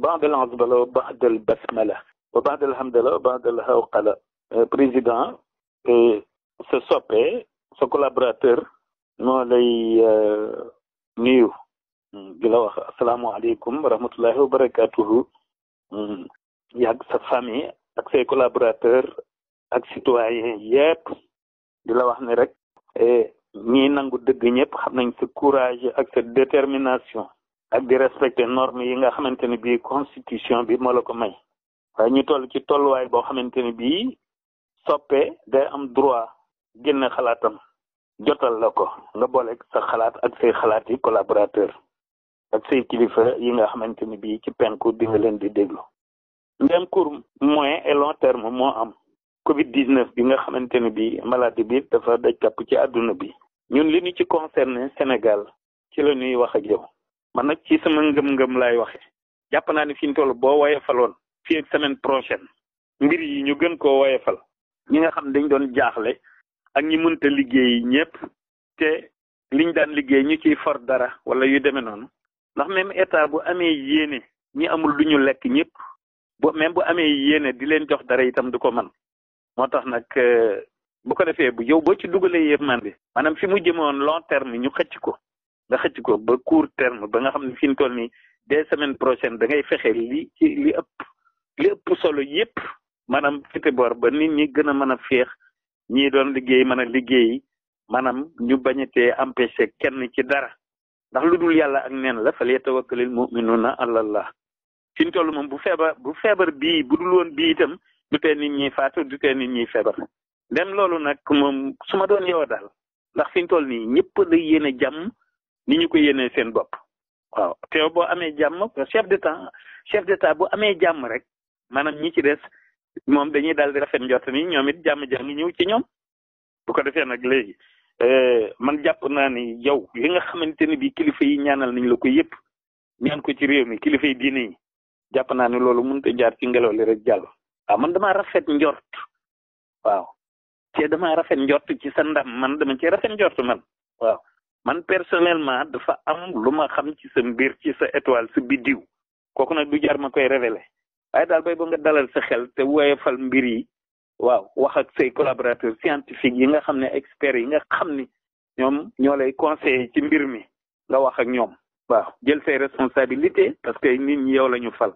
بعد العزبله وبعد البسمله وبعد الحمد لله وبعد الهوقله أه، بريزيدان أه، سي سوبي سو كولابوراتور نو لي أه، نيو السلام عليكم ورحمه الله وبركاته ياك سا فامي اك سي كولابوراتور اك سيتوايان ياك دي واخني رك ني نانغو دغ نيب خامنا سي كوراج اك سي ديتيرميناسيون ak di respecté norme yi nga xamante ne bii constitution bi moo la ko may waaye ñu toll ci tolluwaay boo xamante ne bii soppe day am droit génn xalaatam jotal la ko nga boole sa xalaat ak say xalaat yi collaborateur ak say kilifa yi nga xamante ne bii ci penku di leen di déglu ndem court moyen et long terme moo am covid 19 bi nga xamante ne bii maladie bi dafa daj kàpp ci àdduna bi ñun li ñu ci concerné Sénégal ci la ñuy wax ak yow man nag ci sama ngëm-ngëm laay waxe jàpp naa ne fi ñu toll boo woyefaloon fii ak semaine prochaine mbir yi ñu gën koo woyefal ñi nga xam dañ doon jaaxle ak ñi mënta liggéey ñëpp te liñ daan liggéey ñu ciy for dara wala yu demee noonu ndax même état bu amee yéene ñi amul du ñu lekk ñëpp bo même bu amee yéene di leen jox dara itam du ko man moo tax nag euh, bu ko defee bu yow boo ci dugalee yépp man bi maanaam fi mu jëmoon long terme ñu xëcc ko nga xëcc ko ba court terme ba nga xam ne fi ñu toll nii des semaines prochaines da ngay fexe li ci li ëpp li ëpp solo yépp maanaam fite boor ba nit ñi gën a mën a féex ñi doon liggéey mën a liggéey maanaam ñu tee empêché kenn ci dara ndax lu dul yàlla ak neen la fal yatawakkalil mu'minuna alallah fi ñu toll moom bu feebar bu feebar bii bu dul woon bii itam du tee nit ñi faatu du tee nit ñi feebar dem loolu nag moom su ma doon yow daal ndax fi ñu toll nii ñëpp lay yéene jàmm ni ñu ko yéene seen bop waaw te boo amee jàmm chef d'état chef d'état bu amé jamm rek manam ñi ci des moom dañuy dal di rafet njort ni ñomit jamm jàmm ñew ci ñom bu ko nak légui euh man japp na ni yow li nga xamanteni bi kilifa yi ñaanal nañ la ko yépp ñaan ko ci réew mi kilifa yi diine ni loolu mënut jaar ci ngelaw li rek jàll ah man dama rafet njort waaw té dama rafet njort ci sa ndam man dama ci rafet njort man waaw man personnellement dafa am lu ma xam ci sa mbir ci sa étoile sa bidiw kooku nag du jar ma koy révélé waaye daal bay ba nga dalal sa xel te woyefal mbir yi waaw wax ak say collaborateur scientifique yi nga xam ne expert yi nga xam ni ñoom ñoo lay conseiller ci mbir mi nga wax ak ñoom waaw jël say responsabilité parce que nit ñi yow la ñu fal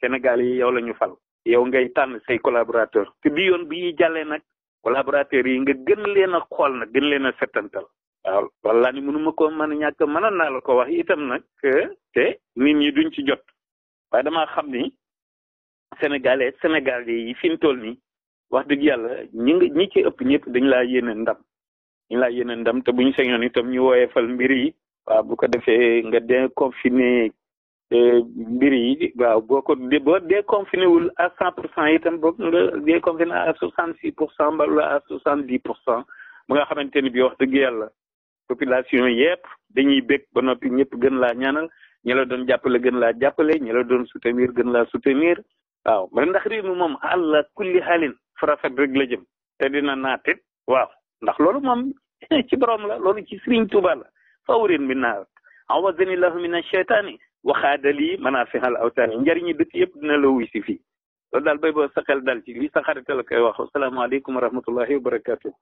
sénégal yi yow la ñu fal yow ngay tànn say collaborateur te bi yoon bi jàllee nag collaborateur yi nga gën leen a xool nag gën leen a settantal waaw wallahi mënuma koo mën a ñàkk mënoon naa la ko wax itam nag te nit ñi duñ ci jot waaye damaa xam ni sénégalais sénégalais yi fi mu toll nii wax dëgg yàlla ñi nga ñi ci ëpp ñëpp dañ la yéene ndam dañ laa yéene ndam te bu ñu sañoon itam ñu woyefal mbir yi waaw bu ko defee nga déconfiné e, mbir yi waaw boo ko boo déconfiné wul à cent pour itam boobu nga déconfiné à soixante six pour cent mbala nga xamante ni bi wax dëgg yàlla population yëpp dañuy bég ba noppi ñëpp gën laa ñaanal ñi la doon jàppale gën laa jàppale ñi la doon soutenir gën laa soutenir waaw man ndax réew mi moom àlla kulli xaalin farafet rek la jëm te dina naatit waaw ndax loolu moom ci borom la loolu ci Sëriñ Tuuba la fawrin bi naar awazanillahu min asheytaani waxaadali manasihal awtaani njariñi dëkk yëpp dina la wuy si fii loolu daal bay boo sa xel dal ci li sa xarit la koy wax asalaamaaleykum wa rahmatullahi wa barakatuh